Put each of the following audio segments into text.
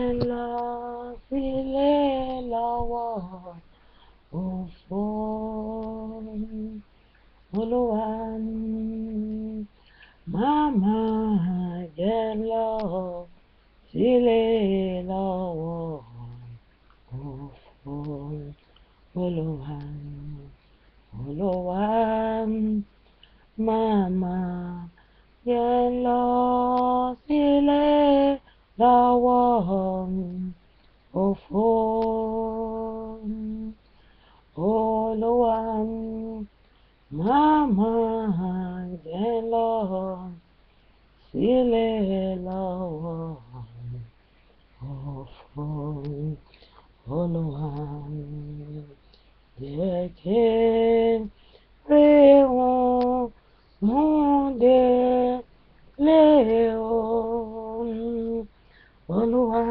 ẹ̀là sílé lọ́wọ́ òfò olúwa máma jẹ́ lọ sílé lọ́wọ́ òfò olúwa olúwa máma jẹ́ lọ sílé lọ́wọ́ the one of all, all one, my mind and love, silly love of all, all one, the king, the one, the Olúwa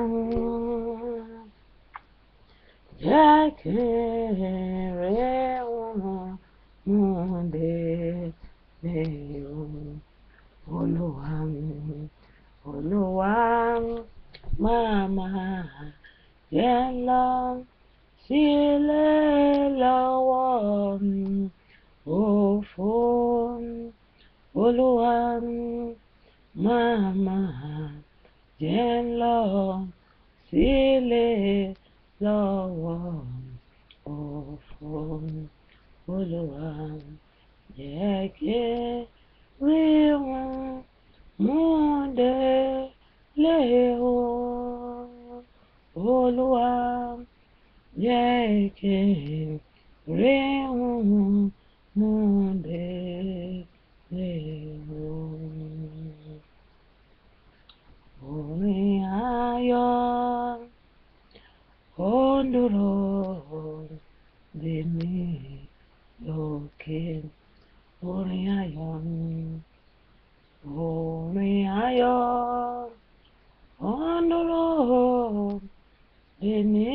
jẹ́ Olúwa Olúwa mama, máa lọ sílé lọ́wọ́ mi òfò Olúwa máa Stand long, sílé lọ́wọ́ òfò Olúwa jẹ́ kí rí wọn mú délé o. Olúwa jẹ́ Andorol de mi loken Oneayon Oneayon Andorol de mi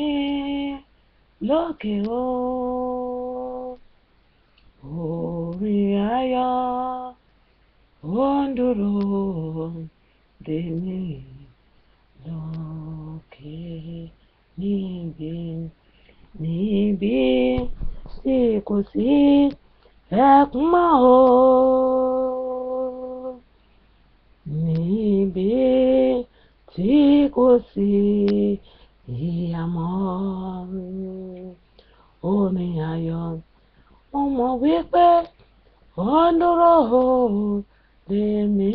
lokeo Oneayon Andorol de mi lokeo n'ebe n'ebe na-egosi agụmakwụkwọ n'ebe na kò sí orin ayọ̀ mo mọ̀ wípé ó ń dúró mí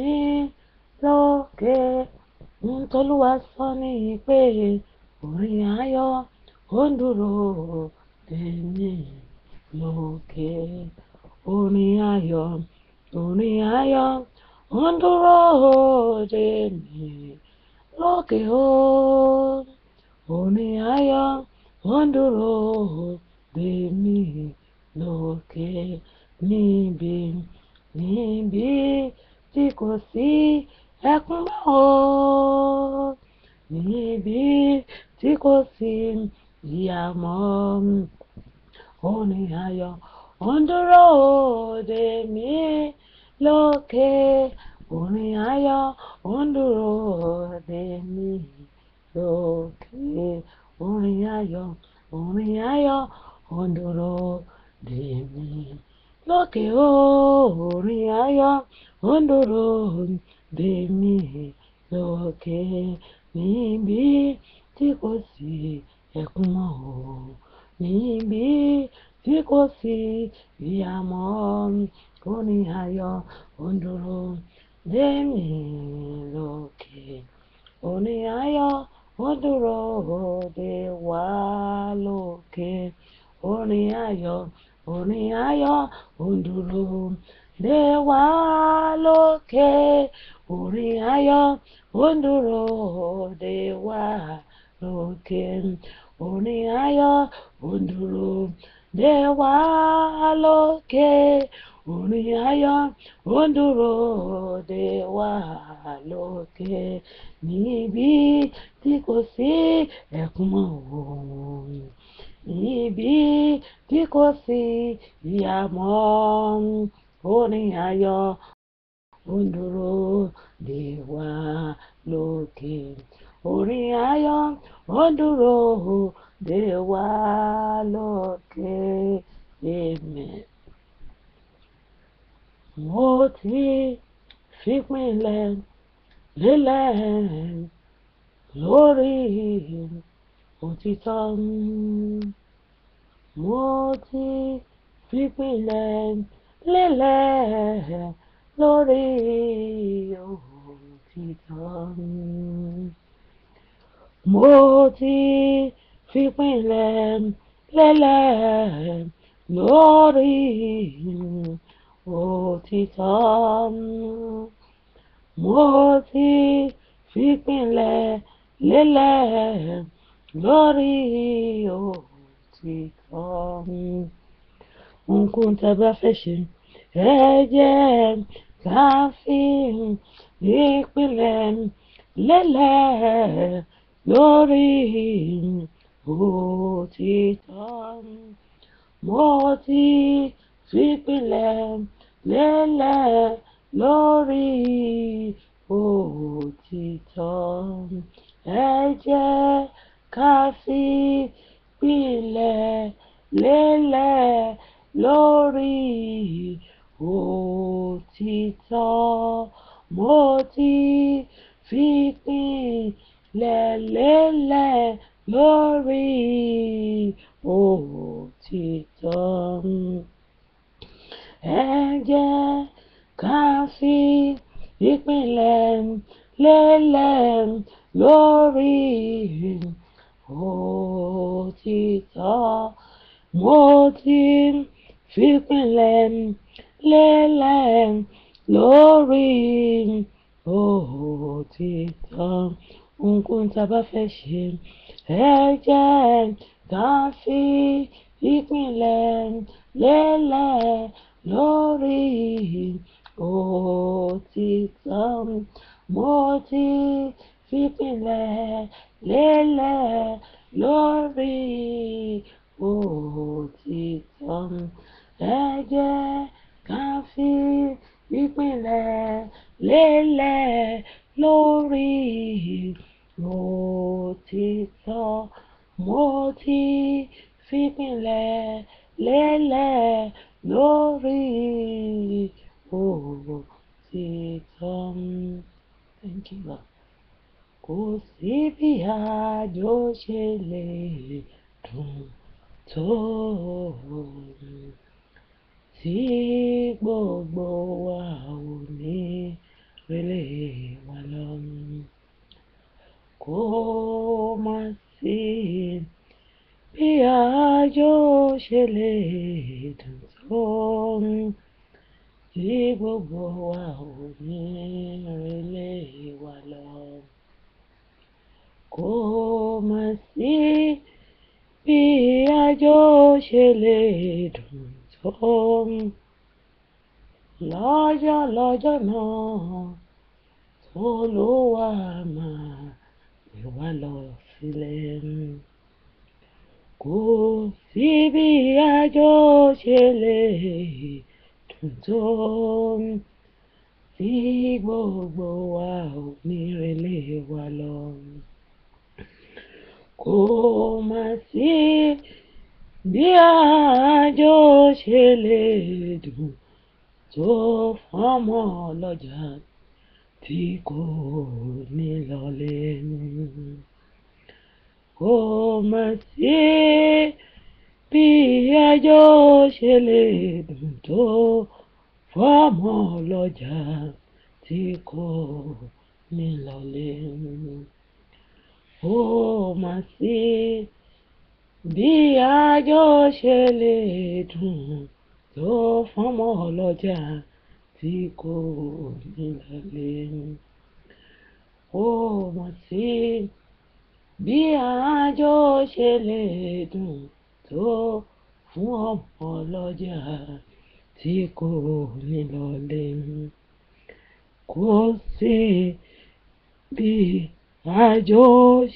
lókè ohun sọ pé Oriayo Onduro Deni Loke Oriayo Oriayo Onduro Deni Loke O Oriayo Onduro Deni Loke Níbi Níbi Tí kò sí ẹkún bá o tí kò sí ìyá mọ́ orin ayọ̀ ó ń dúró òde mi lókè oni ayọ̀ ó ń dúró òde mi lókè oni ayọ̀ oni ayọ̀ ó ń dúró òde mi lókè oni ayọ̀ ó ń dúró òde mi lókè bi tí kò sí ẹkún mọ́ o yìnyín bí tí kò sí ìyà mọ́ orin ayọ̀ òǹdúró lémi lókè orin ayọ̀ òǹdúró òde wá lókè orin ayọ̀ orin ayọ̀ òǹdúró dé wá lókè orin ayọ̀ òǹdúró òde wá lókè orin ayọ̀ òǹdúró dè wá lókè orin ayọ̀ òǹdúró dè wá lókè níbi tí kò sí ẹkún mọ́ òun níbi tí sí ìyà mọ́ orin dè wá lókè orin ayọ̀ ó dúró dè wá lókè amen. mo ti fìpìlẹ̀ lélẹ̀ lórí òtítọ́ mo ti fìpìlẹ̀ lélẹ̀ lórí òtítọ́. mo ti fìpìlẹ̀ lélẹ̀ lórí òtítọ́ mo ti fìpìlẹ̀ lélẹ̀ lórí òtítọ́ ohunkóhun tá a bá fẹ́ ṣe ẹ jẹ́ ká fi ìpìlẹ̀ lélẹ̀. lórí òtítọ́ mo ti fìpìlẹ̀ lélẹ̀ lórí òtítọ́ ẹ jẹ́ ká fi ìpìlẹ̀ lélẹ̀ lórí òtítọ́ mo le le le lórí òtítọ́ ẹ jẹ́ ká fi ìpìlẹ̀ lélẹ̀ lórí òtítọ́ mo ti fìpìlẹ̀ glory, lórí òtítọ́ ohunkóhun tá a bá fẹ́ ṣe ẹ jẹ́ ká fi ìpìlẹ̀ lélẹ̀ lórí òtítọ́ mo ti fìpìlẹ̀ lélẹ̀ lórí o ẹ jẹ́ ká fi lélẹ̀ lórí Moti ti sọ mo fìpìlẹ̀ lélẹ̀ lórí òtítọ́ kò sí bí àjò ṣe lè dùn tó tí gbogbo wa ò ní como así Pia yo shele tanzon Ti gbogbo wa ò ní relé wa lọ sí bí àjọ ṣe lè dùn tó lọ́jọ́ lọ́jọ́ náà wá lọ sílẹ̀ kò sí bí àjọ ṣe lè dùn tó tí gbogbo wa ò ní relé wa lọ kò má sí bí àjọ ṣe lè dùn tó fọmọ ọlọ́jà tí kò ní lọlé kò mà sí bí ẹjọ́ ṣe lè dùn tó fọ́mọ ọlọ́jà tí kò ní lọlé kò mà sí bí ẹjọ́ ṣe lè dùn tó fọ́mọ tí kò nílàlé ó mọ̀ sí bí àjò ṣe lè dùn tó fún ọmọ ọlọ́jà tí kò nílọlé kò sí bí àjò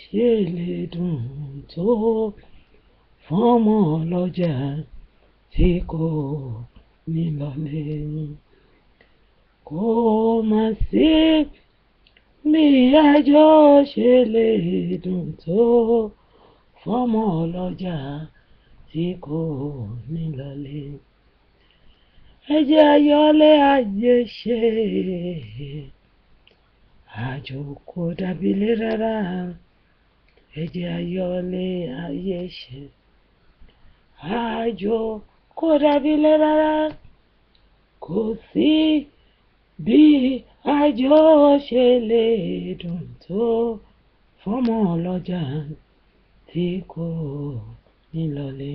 ṣe lè dùn fún ọmọ ọlọ́jà tí kò nílọlé kò mà sí bí ẹjọ́ ṣe lè dùn tó fọ́mọ ọlọ́jà tí kò ní lọlé ẹ jẹ́ ayọ́lé ayé ṣe àjò kò dàbí ilé rárá ẹ jẹ́ ayọ́lé ayé ṣe àjò kò dàbí ilé rárá kò sí bí àjọ ṣe lè dùn tó fọ́mọ ọlọ́jà tí kò nílọlé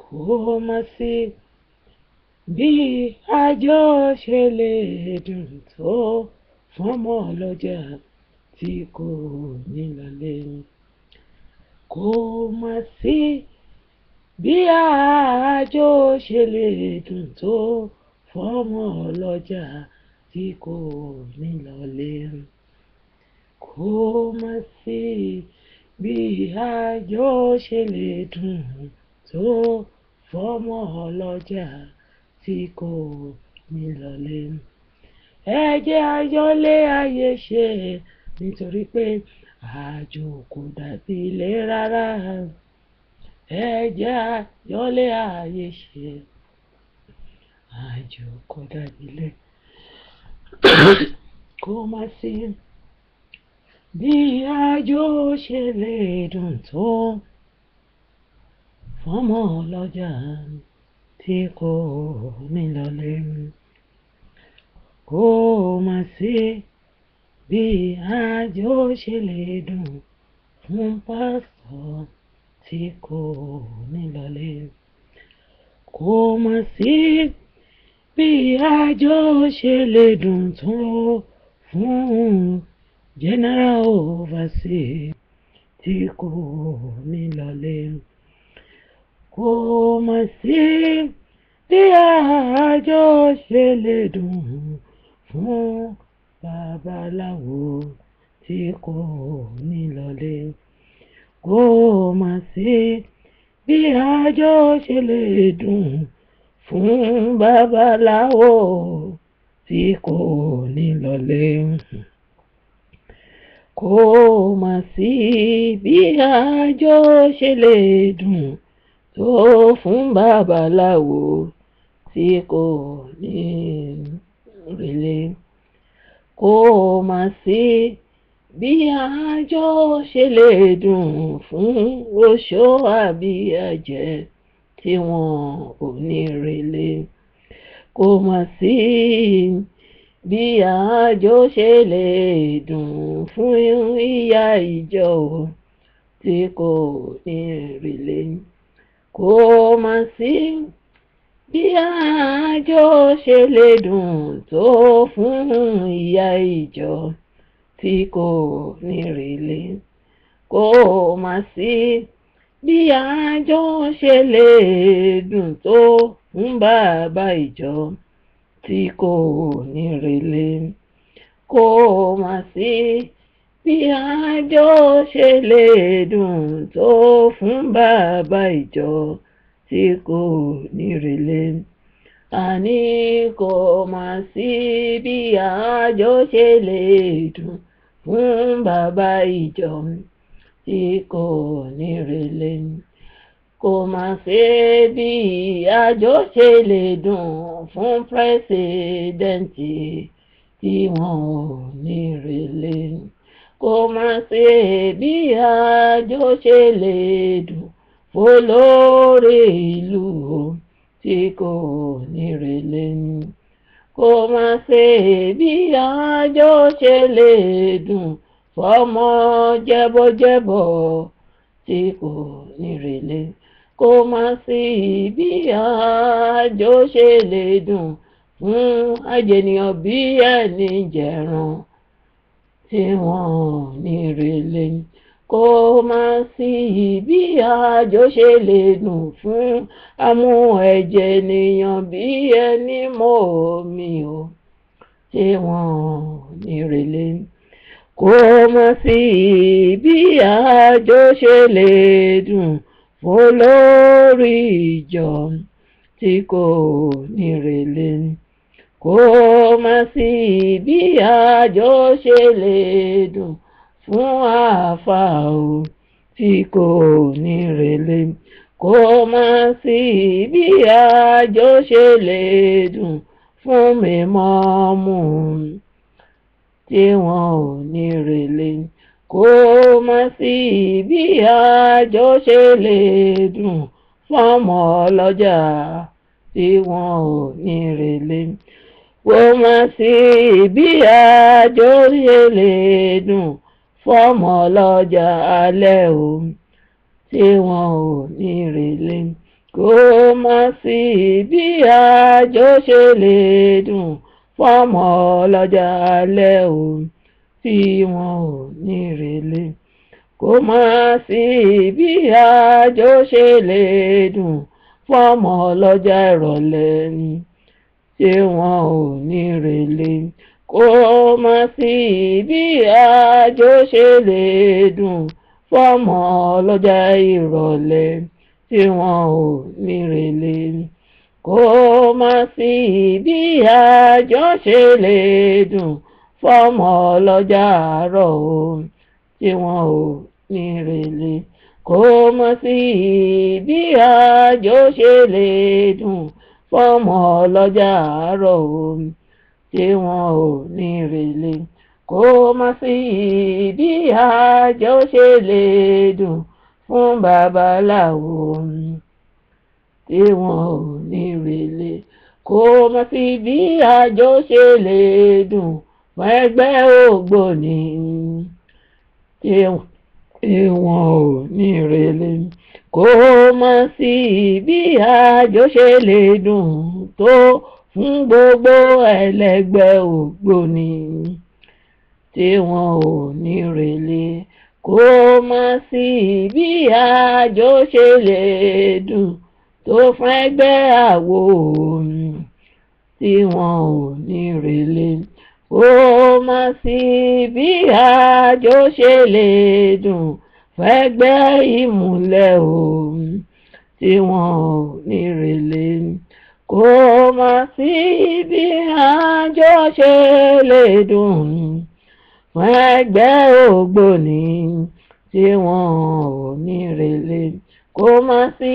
kò má sí bí àjọ ṣe lè dùn tó fọ́mọ ọlọ́jà tí kò nílọlé kò má sí bí àjọ ṣe lè dùn tó fọ́mọ ọlọ́jà tí kò ní lọlé kó má sí bí àjọ ṣe lè dùn tó fọ́mọ ọlọ́jà tí kò ní lọlé ẹ jẹ́ àjọlé ayé ṣe nítorí pé àjò kò dàbí ilé rárá ẹ jẹ́ àjọlé ayé ṣe. ajokodagile kó má sí bí àjò ṣe lè dùn tó fọmọ ọlọ́jà tí kò ní lọlé kó má sí bí àjò ṣe lè dùn fún pásítọ̀ tí kò ní lọlé kó má bí àjọ ṣe lè dùn tó fún general overseer tí kò ní lọlé kò mà sí bí àjọ ṣe lè dùn fún babaláwo tí kò ní lọlé kò mà sí bí àjọ ṣe lè dùn fún babaláwo tí kò ní lọlé kò mà sí bí àjọ ṣe lè dùn tó fún babaláwo tí kò ní relé kò mà sí bí àjọ ṣe lè dùn fún oṣó àbí àjẹ́ tí wọn ò ní relé kò mà sí bí àjò ṣe lè dùn fún ìyá ìjọ o tí kò ní relé kò mà sí bí àjò ṣe lè dùn tó fún ìyá ìjọ tí kò ní relé kò mà sí bí àjọ ṣe lè dùn tó ń bàbá ìjọ tí kò ní relé kò mà sí bí àjọ ṣe lè dùn tó fún bàbá ìjọ tí kò ní relé àní kò mà sí bí àjọ ṣe lè dùn fún bàbá ìjọ tí kò ní relé ni kò mà ṣe bí àjọ ṣe lè dùn fún pírẹsidẹ́ǹtì tí wọn ò ní relé ni kò mà ṣe bí àjọ lè dùn olórí ìlú tí kò ní relé ni kò mà ṣe bí àjọ lè dùn fọmọ jẹ́bọ́jẹ́bọ́ tí kò nírèlé kó má sí bí àjò ṣe lè dùn fún àjènìyàn bí ẹni jẹran tí wọ́n nírèlé kó má sí bí àjò ṣe lè dùn fún amú ẹ̀jẹ̀ ènìyàn bí ẹni mọ́ omi o tí wọ́n nírèlé kò mọ̀ sí bí àjọ ṣe lè dùn fólórí ìjọ tí kò nírèlè kò mọ̀ sí bí àjọ ṣe lè dùn fún àáfàá o tí kò nírèlè kò mọ̀ sí bí àjọ ṣe lè dùn fún mímọ́ mú un tí wọn ò ní relé kó má sí bí àjọ ṣe lè dùn fọ́mọ ọlọ́jà tí wọn ò ní relé kó má sí bí àjọ ṣe lè dùn fọ́mọ ọlọ́jà alẹ́ o tí wọn ò ní relé kó má sí bí àjọ ṣe lè dùn fọ́mọ ọlọ́jà alẹ́ o tí wọn ò ní relé kò má sí bí àjò ṣe lè dùn fọ́mọ ọlọ́jà ìrọ̀lẹ́ ni ṣé wọn ò ní relé kò má sí bí àjò ṣe lè dùn fọ́mọ ọlọ́jà ìrọ̀lẹ́ tí wọn ò ní relé ni kò mà sí bí àjọ ṣe lè dùn fọmọ ọlọ́jà àárọ̀ o tí wọn ò ní rèlè kò mà sí bí àjọ ṣe lè dùn fọmọ ọlọ́jà àárọ̀ o tí wọn ò ní rèlè kò sí bí àjọ lè dùn fún babaláwo tí wọn ò ní relé kó má fi bí àjọ ṣe lè dùn mọ́ ẹgbẹ́ ògbóni tí wọn ò ní relé kó má sí bí àjọ ṣe lè dùn tó fún gbogbo ẹlẹgbẹ́ ògbóni tí wọn ò ní relé kó má sí bí àjọ ṣe lè dùn tó fún ẹgbẹ́ àwo orin tí wọn ò ní relé ó mà sí bí àjò ṣe lè dùn fẹ́gbẹ́ ìmùlẹ̀ orin tí wọn ò ní relé kò mà sí bí àjò ṣe lè dùn fẹ́gbẹ́ ògbóni tí wọn ò ní relé kò mà sí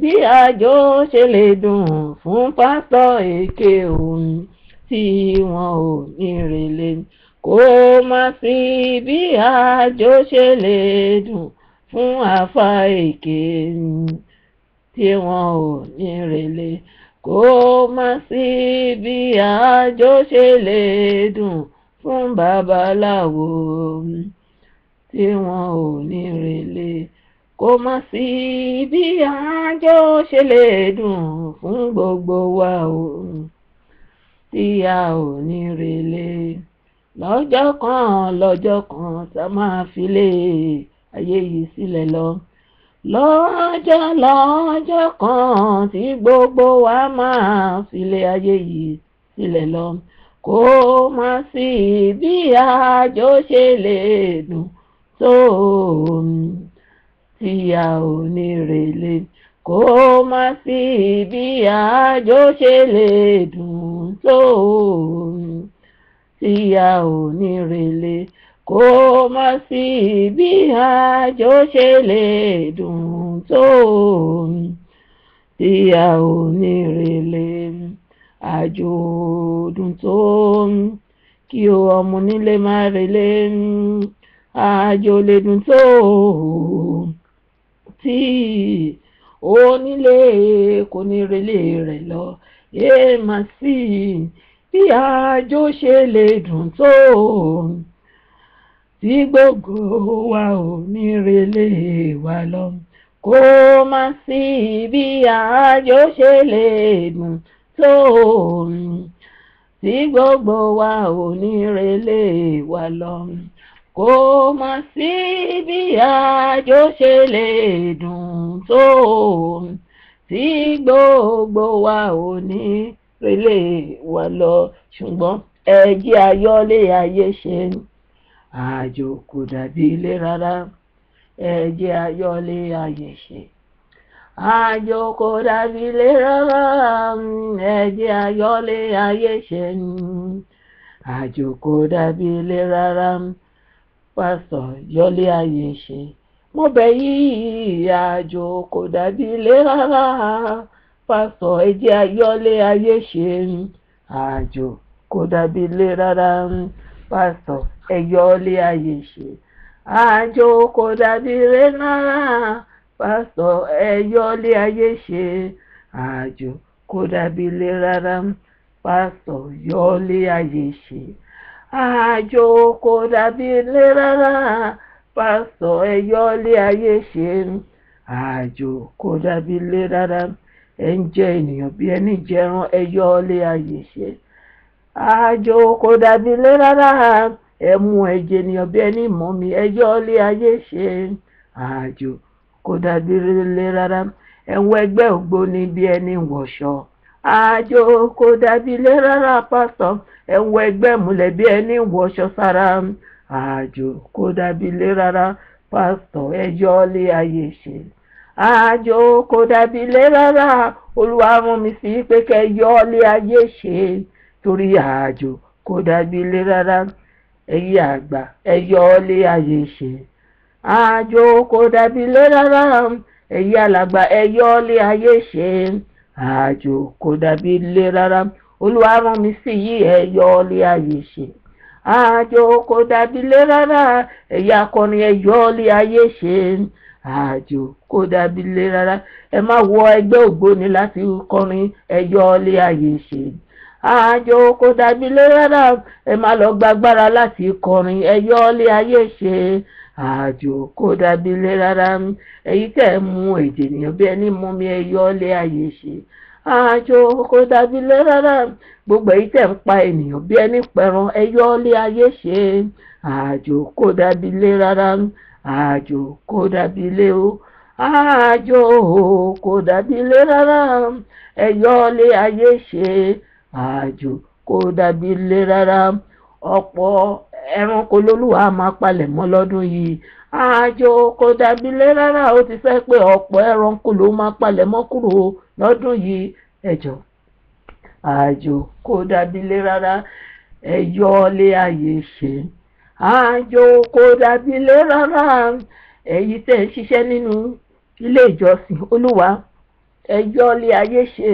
bí àjọ ṣe lè dùn fún pásítọ̀ èké òun tí wọn ò ní relé kó má sí bí àjọ ṣe lè dùn fún àfa èké tí wọn ò ní relé kó má sí bí àjọ ṣe lè dùn fún babaláwo tí wọn ò ní relé kò mà sí bí àjọ ṣe lè dùn fún gbogbo wa o tí a ò ní relé lọ́jọ́ kan lọ́jọ́ kan tá máa fi lé ayé yìí sílẹ̀ lọ lọ́jọ́ lọ́jọ́ kan tí gbogbo wa máa fi lé ayé yìí sílẹ̀ lọ kò mà sí bí àjọ ṣe lè dùn tó omi ìyà onírèlè kó má sí bí àjò ṣe lè dùn tó ìyà onírèlè kó má sí bí àjò ṣe lè dùn tó ìyà onírèlè àjò dùn tó kí o ọmọ onílé má relé àjò lè dùn tó títì onílé kò ní relé rẹ̀ lọ èèmà sí i bí àjò ṣe lè dùn tó tí gbogbo wa ò ní relé wa lọ kó má sí i bí àjò ṣe lè dùn tó tí gbogbo wa ò ní relé wa lọ kò mọ̀ sí bí àjò ṣe lè dùn tó tí gbogbo wa ò ní relé wa lọ ṣùgbọ́n ẹ jí ayọ́lé ayé ṣe àjò kò dàbí ilé rárá ẹ ayọ́lé ayé ṣe àjò kò dàbí ilé rárá ẹ ayọ́lé ayé ṣe àjò kò dàbí ilé rárá pásítọ̀ yọlé ayé ṣe mo bẹ̀ yí ìyá àjò kò dàbí ilé rárá pásítọ̀ ẹ jẹ́ yọlé ayé ṣe àjò kò dàbí ilé rárá pásítọ̀ ẹ yọlé ayé ṣe àjò kò dàbí ilé rárá pásítọ̀ ẹ ayé ṣe àjò kò dàbí ilé rárá pásítọ̀ yọlé ayé ṣe. àjò kò dàbí ilé rárá pásítọ̀ ẹ̀yọ́ ilé ayé ṣe ń àjò kò dàbí ilé rárá ẹ̀ ń jẹ́ ènìyàn bí ẹni jẹran ẹ̀yọ́ lé ayé ṣe àjò kò dàbí ilé rárá ẹ̀ mú ẹ̀jẹ̀ ènìyàn bí ẹni mọ́ mi ẹ̀yọ́ lé ayé ṣe àjò kò dàbí ilé rárá ẹ̀ ń wọ ẹgbẹ́ ògbóni bí ẹni wọ̀ṣọ. àjò kò dàbí ilé rárá pásọ ẹ wọ ẹgbẹ́ mùlẹ̀bí ẹni wọṣọ sára àjò kò dàbí ilé rárá pásọ ẹjọ lé ayé ṣe àjò kò dàbí ilé rárá olúwa rán mi sí pé kẹ yọ lé ayé ṣe torí àjò kò dàbí ilé rárá ẹyí àgbà ẹyọ lé ayé ṣe àjò kò dàbí ilé rárá ẹyí alàgbà ẹyọ lé ayé ṣe. àjò kò dàbí ilé rárá olúwa rán mi sí yí ẹ yọ ọlẹ ayé ṣe àjò kò dàbí ilé rárá ẹ̀yà akọrin ẹ yọ ọlẹ ayé ṣe àjò kò dàbí ilé rárá ẹ má wọ ẹgbẹ́ ògbóni láti kọrin ẹ yọ ọlẹ ayé ṣe àjò kò dàbí ilé rárá ẹ má lọ gbàgbára láti kọrin ẹ yọ ọlẹ ayé ṣe. àjò kò dàbí ilé rárá èyí tẹ̀ ń mu èdè ènìyàn bí ẹni mú mi ẹyọ lé ayé ṣe àjò kò dàbí ilé rárá gbogbo èyí tẹ̀ ń pa ènìyàn bí ẹni pẹran ẹyọ lé ayé ṣe àjò kò dàbí ilé rárá àjò kò dàbí ilé o àjò kò dàbí ilé rárá ẹyọ lé ayé ṣe àjò kò dàbí ilé rárá ọ̀pọ̀ ẹranko lolúwa máa palẹ̀ mọ́ lọ́dún yìí àjò kò dàbí lé rárá ó ti fẹ́ pé ọ̀pọ̀ ẹranko ló máa palẹ̀ mọ́ kúrò lọ́dún yìí ẹ̀jọ̀ àjò kò dàbí lé rárá ẹ̀yọ́ lé ayé ṣe àjò kò dàbí lé rárá èyí tẹ̀ ń ṣiṣẹ́ nínú ilé ìjọsìn olúwa ẹ̀yọ́ lé ayé ṣe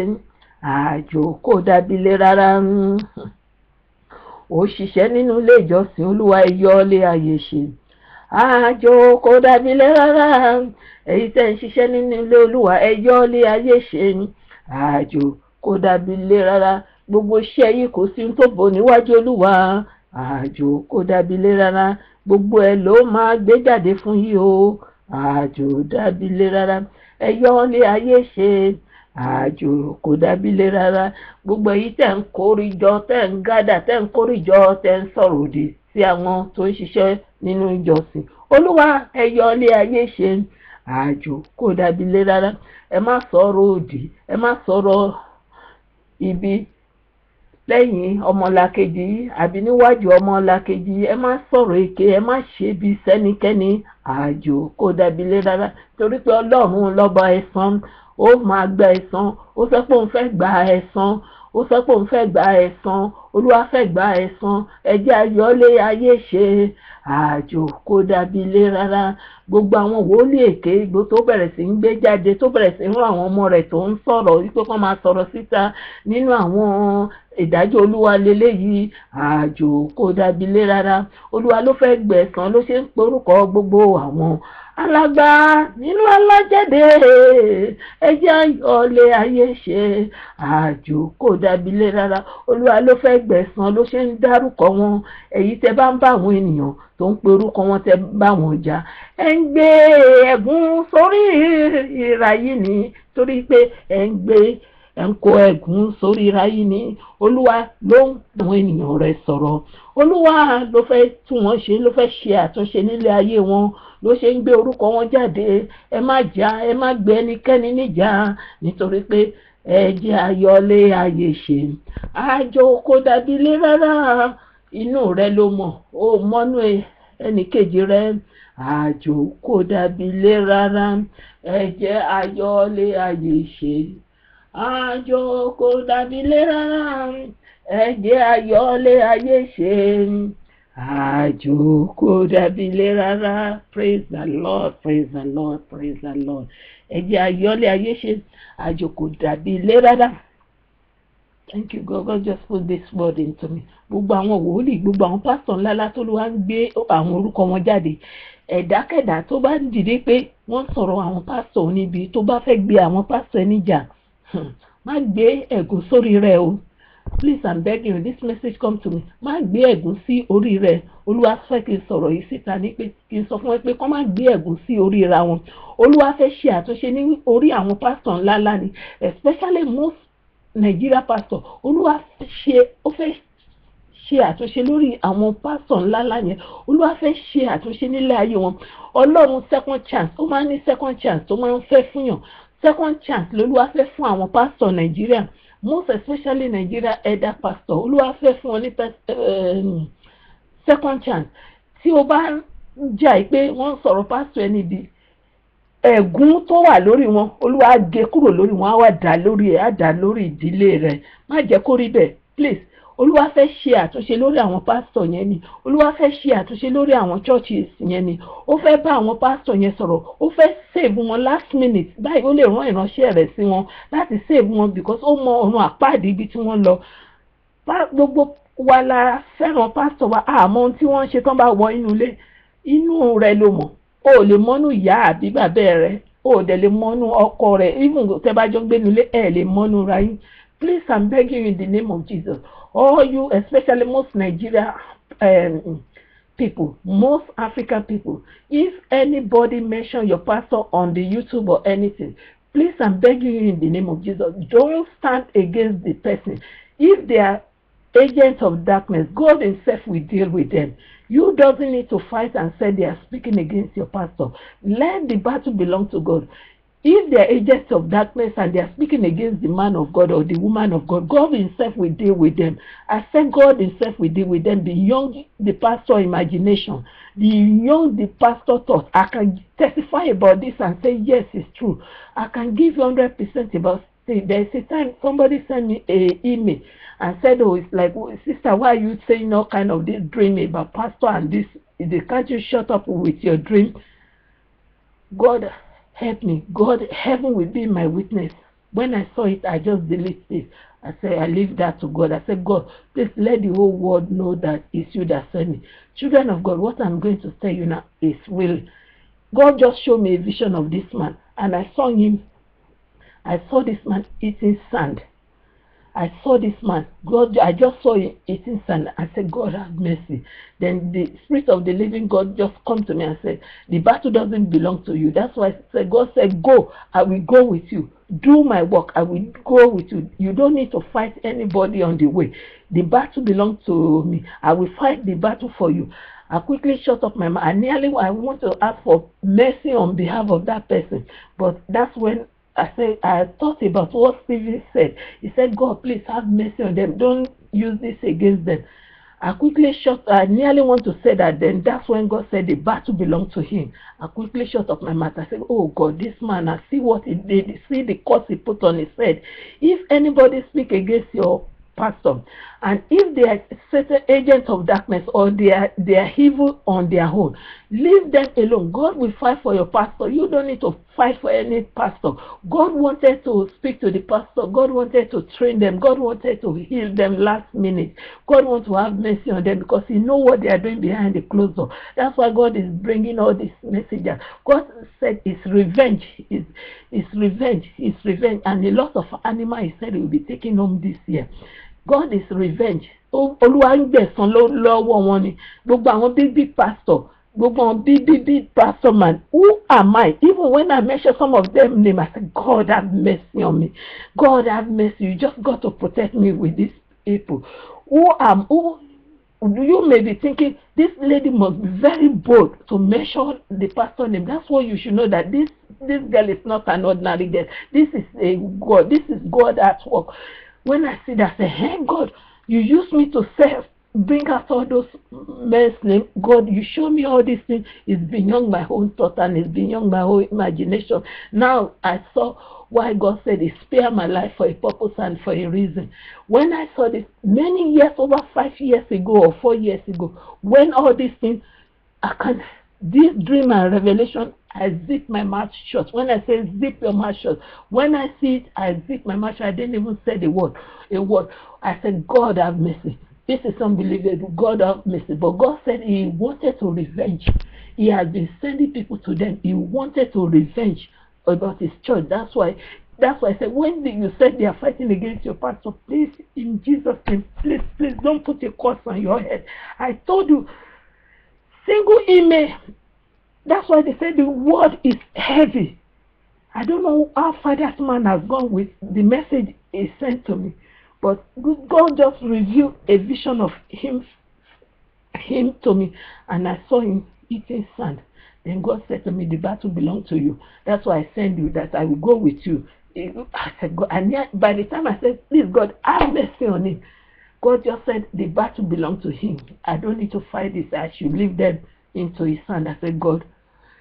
àjò kò dàbí lé rárá ń òṣìṣẹ́ nínú ilé ìjọsìn olúwa ẹ̀yọ́ lé ayé ṣe àjò kò dàbí lẹ́ èyí tẹ́ ń ṣiṣẹ́ nínú ilé olúwa ẹ̀yọ́ lé ni àjò kò dàbí lẹ́ rárá gbogbo iṣẹ́ yìí kò sí tó bò níwájú olúwa àjò kò dàbí lẹ́ rárá gbogbo ẹ̀ ló máa gbé jáde fún yìí o àjò dàbí lẹ́ rárá ẹ̀yọ́ àjò kò lè rárá gbogbo èyí tẹ̀ ń kórìjọ tẹ̀ ń gádà tẹ̀ ń kórìjọ tẹ̀ ń sọ̀rọ̀ òdì sí àwọn tó ń ṣiṣẹ́ nínú ìjọsìn olúwa ẹ yọ ilé ayé ṣe àjò kò lè rárá ẹ má sọ̀rọ̀ òdì ẹ má sọ̀rọ̀ ibi lẹ́yìn ọmọlàkejì àbí níwájú ọmọlàkejì ẹ má sọ̀rọ̀ èké ẹ má ṣe bí sẹ́nikẹ́ni àjò kó dàbí lé rárá torí pé ọlọ́run lọ́ba ẹ̀san ó máa gba ẹ̀san ó sọ pé òun fẹ́ gba ẹ̀san ó sọ pé òun fẹ́ gba ẹ̀san olúwa fẹ́ gba ẹ̀san ẹjẹ́ ayọ́lé ayé ṣe àjò kó dàbí ilé rárá gbogbo àwọn wòlíì èké igbó tó bẹ̀rẹ̀ sí ń gbé jáde tó bẹ̀rẹ̀ sí ń rán àwọn ọmọ rẹ̀ tó ń sọ̀rọ̀ wípé kó máa sọ̀rọ̀ síta nínú àwọn ìdájọ́ olúwa leléyìí àjò kó dàbí ilé rárá olúwa ló fẹ́ gbẹ̀san ló ṣe ń porúkọ gbogbo àwọn alàgbà nínú alájáde ẹjẹ́ ọ̀lẹ́ ayé ṣe àjò kò dàbí lé rárá olúwa ló fẹ́ gbẹ̀san ló ṣe ń dárúkọ wọn èyí tẹ bá ń bá àwọn ènìyàn tó ń pe orúkọ wọn tẹ bá wọn jà ẹ ń gbé ẹ̀gún sórí ìrà ni torí pé ẹ ń gbé ẹ̀ ń kó ẹ̀gún sórí ráyé ni olúwa ló ń àwọn ènìyàn rẹ̀ sọ̀rọ̀ olúwa ló fẹ́ tún wọn ṣe ló fẹ́ ṣe àtúnṣe nílé ayé wọn ló ṣe ń gbé orúkọ wọn jáde ẹ má jà ẹ má gbé ẹnikẹ́ni níjà nítorí pé ẹ jẹ́ ayọ̀lé ayé ṣe àjọ kò dàbí ilé rárá inú rẹ ló mọ̀ ó mọ́nú ẹnìkejì rẹ àjò kò dàbí ilé rárá ẹ jẹ́ ayọ̀lé ayé ṣe àjò kò dàbí lé rárá ẹ ayé ṣe àjò kò dàbí lé praise the lord praise the lord praise the lord ẹ jẹ́ ayọ̀lé ayé ṣe àjò kò dàbí lé thank you god god just put this word into me gbogbo àwọn wòlíì gbogbo àwọn pásítọ̀ ńláńlá tó ló wá ń gbé àwọn orúkọ wọn jáde ẹ̀dákẹ́dá tó bá ń dìde pé wọ́n sọ̀rọ̀ àwọn pásítọ̀ níbi tó bá fẹ́ gbé àwọn pásítọ̀ níjà Hmm. má gbé ẹ̀gún sórí rẹ o please i'm begging you this message come to me má gbé ẹ̀gún sí orí rẹ olúwa fẹ́ kí n sọ̀rọ̀ yìí síta ní pé kí n sọ fún wọn pé kọ́ má gbé ẹ̀gún sí orí ra wọn olúwa fẹ́ ṣe àtúnṣe ní orí àwọn pásítọ̀ ńláńlá ni especially most Nigeria pastor olúwa ṣe ó fẹ́ ṣe àtúnṣe lórí àwọn pásítọ̀ ńláńlá yẹn olúwa fẹ́ ṣe àtúnṣe nílé ayé wọn ọlọ́run second chance ó máa ń ní second chance tó máa ń fẹ́ fúnyàn second chance lolúwa fẹ́ fún àwọn pásítọ̀ nàìjíríà most especially nigeria elder pastor olúwa fẹ́ fún ọ eh, second chance tí o bá ń jà pé wọ́n ń sọ̀rọ̀ pásítọ̀ ẹni di ẹ̀gún tó wà lórí wọn olúwa gé kúrò lórí wọn á wà dá lórí ẹ̀ á dá lórí ìdílé rẹ̀ má jẹ́ kó rí bẹ́ẹ̀ please olúwa fẹ́ ṣe àtúnṣe lórí àwọn pásítọ̀ yẹn ni olúwa fẹ́ ṣe àtúnṣe lórí àwọn churches yẹn ni ó fẹ́ bá àwọn pásítọ̀ yẹn sọ̀rọ̀ ó fẹ́ save wọn last minute báyìí ó lè rán ìránṣẹ́ rẹ̀ sí wọn láti save wọn because ó mọ ọ̀run àpáàdé ibi tí wọ́n lọ gbogbo wa la fẹ́ràn pásítọ̀ wa àmọ́ ohun tí wọ́n ń ṣe tán bá wọ inú ilé inú rẹ̀ ló mọ̀ o ò lè mọ́nú ìyá àbí bàbá rẹ̀ o ò dẹ̀ lè mọ́nú ọkọ rẹ̀ even tẹ́ bá jọ ń gbénu ilé ẹ̀ lè mọ́nú ra yín please i'm begging you in the name of jesus all you, especially most Nigeria um, people, hmm. most African people, if anybody mention your pastor on the YouTube or anything, please I'm begging you in the name of Jesus, don't stand against the person. If they are agents of darkness, God himself will deal with them. You doesn't need to fight and say they are speaking against your pastor. Let the battle belong to God if they are agents of darkness and they are speaking against the man of God or the woman of God, God Himself will deal with them. I said God Himself will deal with them beyond the pastor imagination, beyond the pastor thought. I can testify about this and say, yes, it's true. I can give you 100% about See, there's a time somebody sent me a email and said, oh, it's like, oh, sister, why are you saying all kind of this dream about pastor and this? can't you shut up with your dream? God help me. God, heaven will be my witness. When I saw it, I just deleted it. I said, I leave that to God. I said, God, please let the whole world know that it's you that sent me. Children of God, what I'm going to tell you now is will. God just showed me a vision of this man, and I saw him. I saw this man eating sand. I saw this man. God, I just saw it sand. I said, God have mercy. Then the spirit of the living God just come to me and said, the battle doesn't belong to you. That's why I said, God said, go. I will go with you. Do my work. I will go with you. You don't need to fight anybody on the way. The battle belongs to me. I will fight the battle for you. I quickly shut up my mouth. I nearly I want to ask for mercy on behalf of that person. But that's when I said, I thought about what Steven said. He said, God, please have mercy on them. Don't use this against them. I quickly shut, I nearly want to say that then that's when God said the battle belonged to him. I quickly shut up my mouth. I said, Oh God, this man, I see what he did, see the curse he put on his head. If anybody speak against your pastor, and if they are certain agents of darkness or they are, they are evil on their own, leave them alone. God will fight for your pastor. You don't need to fight for any pastor. God wanted to speak to the pastor. God wanted to train them. God wanted to heal them last minute. God wants to have mercy on them because He knows what they are doing behind the closed door. That's why God is bringing all these messages. God said it's revenge. It's, it's revenge. It's revenge. And a lot of animals, He said will be taken home this year. God is revenge. Olúwa ń gbẹ̀sán gbogbo big big big pastor man who am i even when i mention some of them name i say god have mercy on me god have mercy you just got to protect me with these people who am who you may be thinking this lady must be very bold to mention the pastor name that's why you should know that this this girl is not an ordinary girl this is a god this is god at work when i see that i say hey god you use me to serve bring out all those men's name. God, you show me all these things. It's beyond my own thought and it's beyond my own imagination. Now I saw why God said He spared my life for a purpose and for a reason. When I saw this many years, over five years ago or four years ago, when all these things, I can this dream and revelation, I zip my mouth shut. When I say zip your mouth shut, when I see it, I zip my mouth shut. I didn't even say the word. A word. I said, God have mercy. This is unbelievable. God of mercy. But God said He wanted to revenge. He has been sending people to them. He wanted to revenge about His church. That's why. That's why I said when you said they are fighting against your pastor, please, in Jesus' name, please, please don't put a curse on your head. I told you, single email. That's why they said the word is heavy. I don't know how far that man has gone with the message he sent to me. But God just revealed a vision of him, him to me, and I saw him eating sand. Then God said to me, The battle belongs to you. That's why I send you, that I will go with you. I said, God, and yet, by the time I said, Please, God, have mercy on him. God just said, The battle belongs to him. I don't need to fight this. I should leave them into his hand. I said, God,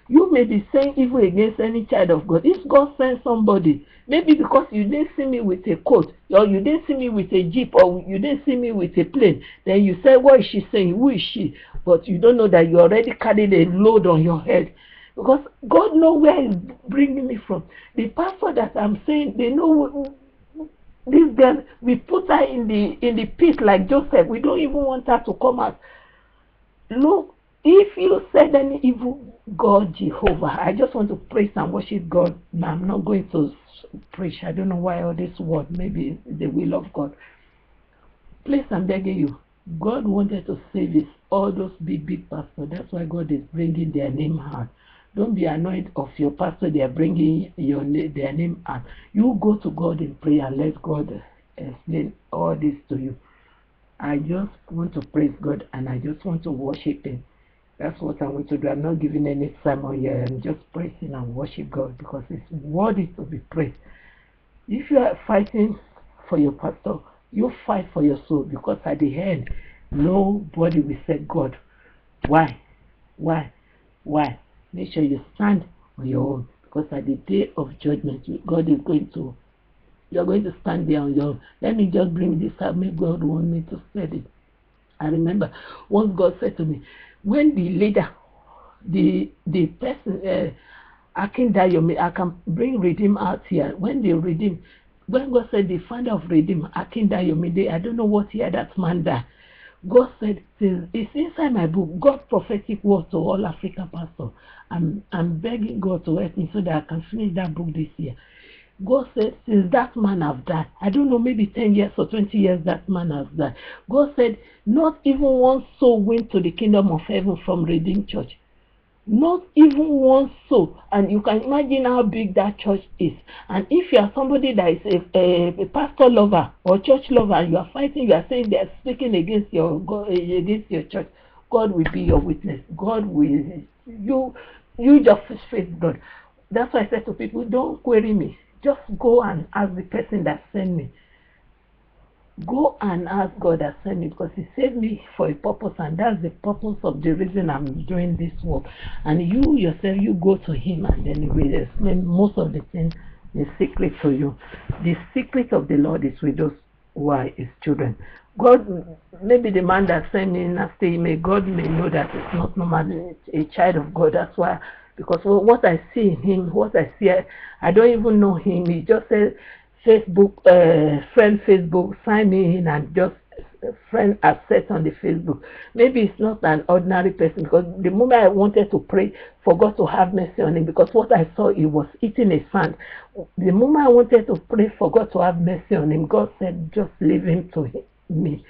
you may be saying evil against any child of God. If God sends somebody, maybe because you didn't see me with a coat, or you didn't see me with a jeep, or you didn't see me with a plane, then you say, What is she saying? Who is she? But you don't know that you already carried a load on your head. Because God knows where He's bringing me from. The pastor that I'm saying, they know this girl. We put her in the in the pit like Joseph. We don't even want her to come out. Look, if you said any evil, God Jehovah, I just want to praise and worship God. Now I'm not going to preach. I don't know why all this word. Maybe the will of God. Please, I'm begging you. God wanted to save his, all those big, big pastors. That's why God is bringing their name out. Don't be annoyed of your pastor. They are bringing your their name out. You go to God in prayer and let God explain all this to you. I just want to praise God and I just want to worship Him. That's what I am going to do. I'm not giving any sermon here. I'm just praising and worship God because it's worthy to be praised. If you are fighting for your pastor, you fight for your soul because at the end, nobody will say, God, why? Why? Why? Make sure you stand on your own because at the day of judgment, God is going to, you are going to stand there on your own. Let me just bring this up. Maybe God want me to say it. I remember what God said to me. When the leader, the the person, uh, I can die, I can bring redeem out here. When they redeem, when God said the founder of redeem, I can die, I don't know what year that man died. God said, it's inside my book, God prophetic word to all African pastors. I'm, I'm begging God to help me so that I can finish that book this year. God said, Since that man have died, I don't know, maybe 10 years or 20 years that man has died. God said, Not even one soul went to the kingdom of heaven from Redeemed Church. Not even one soul. And you can imagine how big that church is. And if you are somebody that is a, a, a pastor lover or church lover and you are fighting, you are saying they are speaking against your, against your church, God will be your witness. God will, you, you just face God. That's why I said to people, don't query me. Just go and ask the person that sent me. Go and ask God that sent me because He saved me for a purpose, and that's the purpose of the reason I'm doing this work. And you yourself, you go to Him, and then He will explain most of the things in secret to you. The secret of the Lord is with us who are His children. God, maybe the man that sent me nasty may God may know that it's not normal, a child of God. That's why because what I see in him, what I see, I, I don't even know him. He just says Facebook uh, friend Facebook, sign me in and just eh, friend accept on the Facebook. Maybe it's not an ordinary person because the moment I wanted to pray for God to have mercy on him, because what I saw he was eating a sand. The moment I wanted to pray for God to have mercy on him, God said, just leave him to me.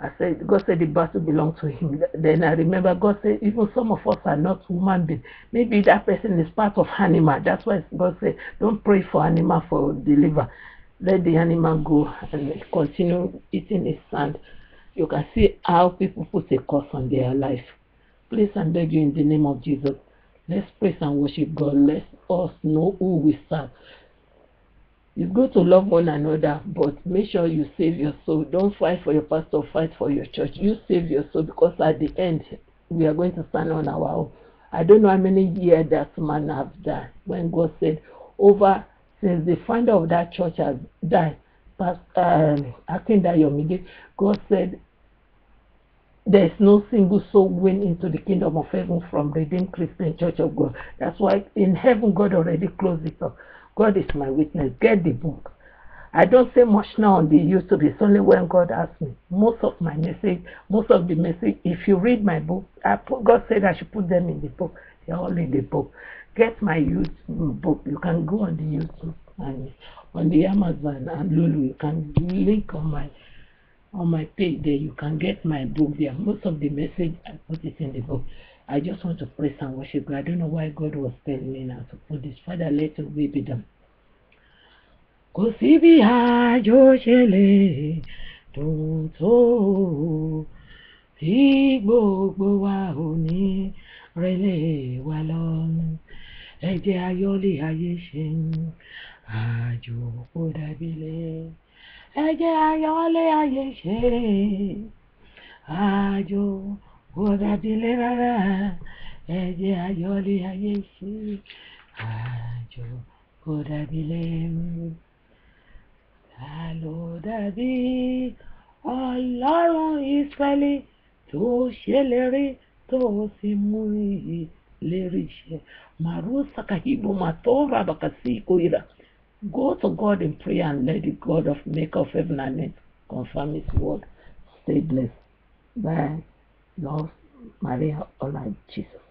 I said, God said the battle belonged to him. Then I remember God said, even some of us are not human beings. Maybe that person is part of animal. That's why God said, don't pray for animal for deliver. Let the animal go and continue eating its sand. You can see how people put a curse on their life. Please and beg you in the name of Jesus. Let's praise and worship God. Let us know who we serve. It's good to love one another, but make sure you save your soul. Don't fight for your pastor, fight for your church. You save your soul because at the end, we are going to stand on our own. I don't know how many years that man have done. When God said, over since the founder of that church has died, Pastor um, you're Yomige, God said, there is no single soul went into the kingdom of heaven from redeemed Christian Church of God. That's why in heaven God already closed it up. God is my witness. Get the book. I don't say much now on the YouTube. It's only when God asks me. Most of my message, most of the message, if you read my book, put, God said I should put them in the book. They're all in the book. Get my YouTube book. You can go on the YouTube and on the Amazon and Lulu. You can link on my on my page there. You can get my book there. Most of the message I put it in the book. I just want to praise and worship God. I don't know why God was telling me now to put this. Father, let your will be done. kò síbi àjò ṣe lè tó tí gbogbo wa ò ní rẹ̀lẹ̀ wa lọ ẹ jẹ́ ayọ́lé ayé ṣe àjò kó dàbílẹ̀ ẹ jẹ́ ayọ́lé ayé òdàdílé rárá ẹ̀jẹ̀ ayọ̀lé ayé sí àjò òdàdílé ta ló dàbí ọlọ́run ìsírẹ́lì tó ṣèlérí tó sì mú ìlérí ṣẹ màrúsà kàhíbù màtọ́ra Go to God in prayer and let the God of maker of heaven and earth confirm his word. Stay blessed. Bye. Lord, Maria, or like Jesus.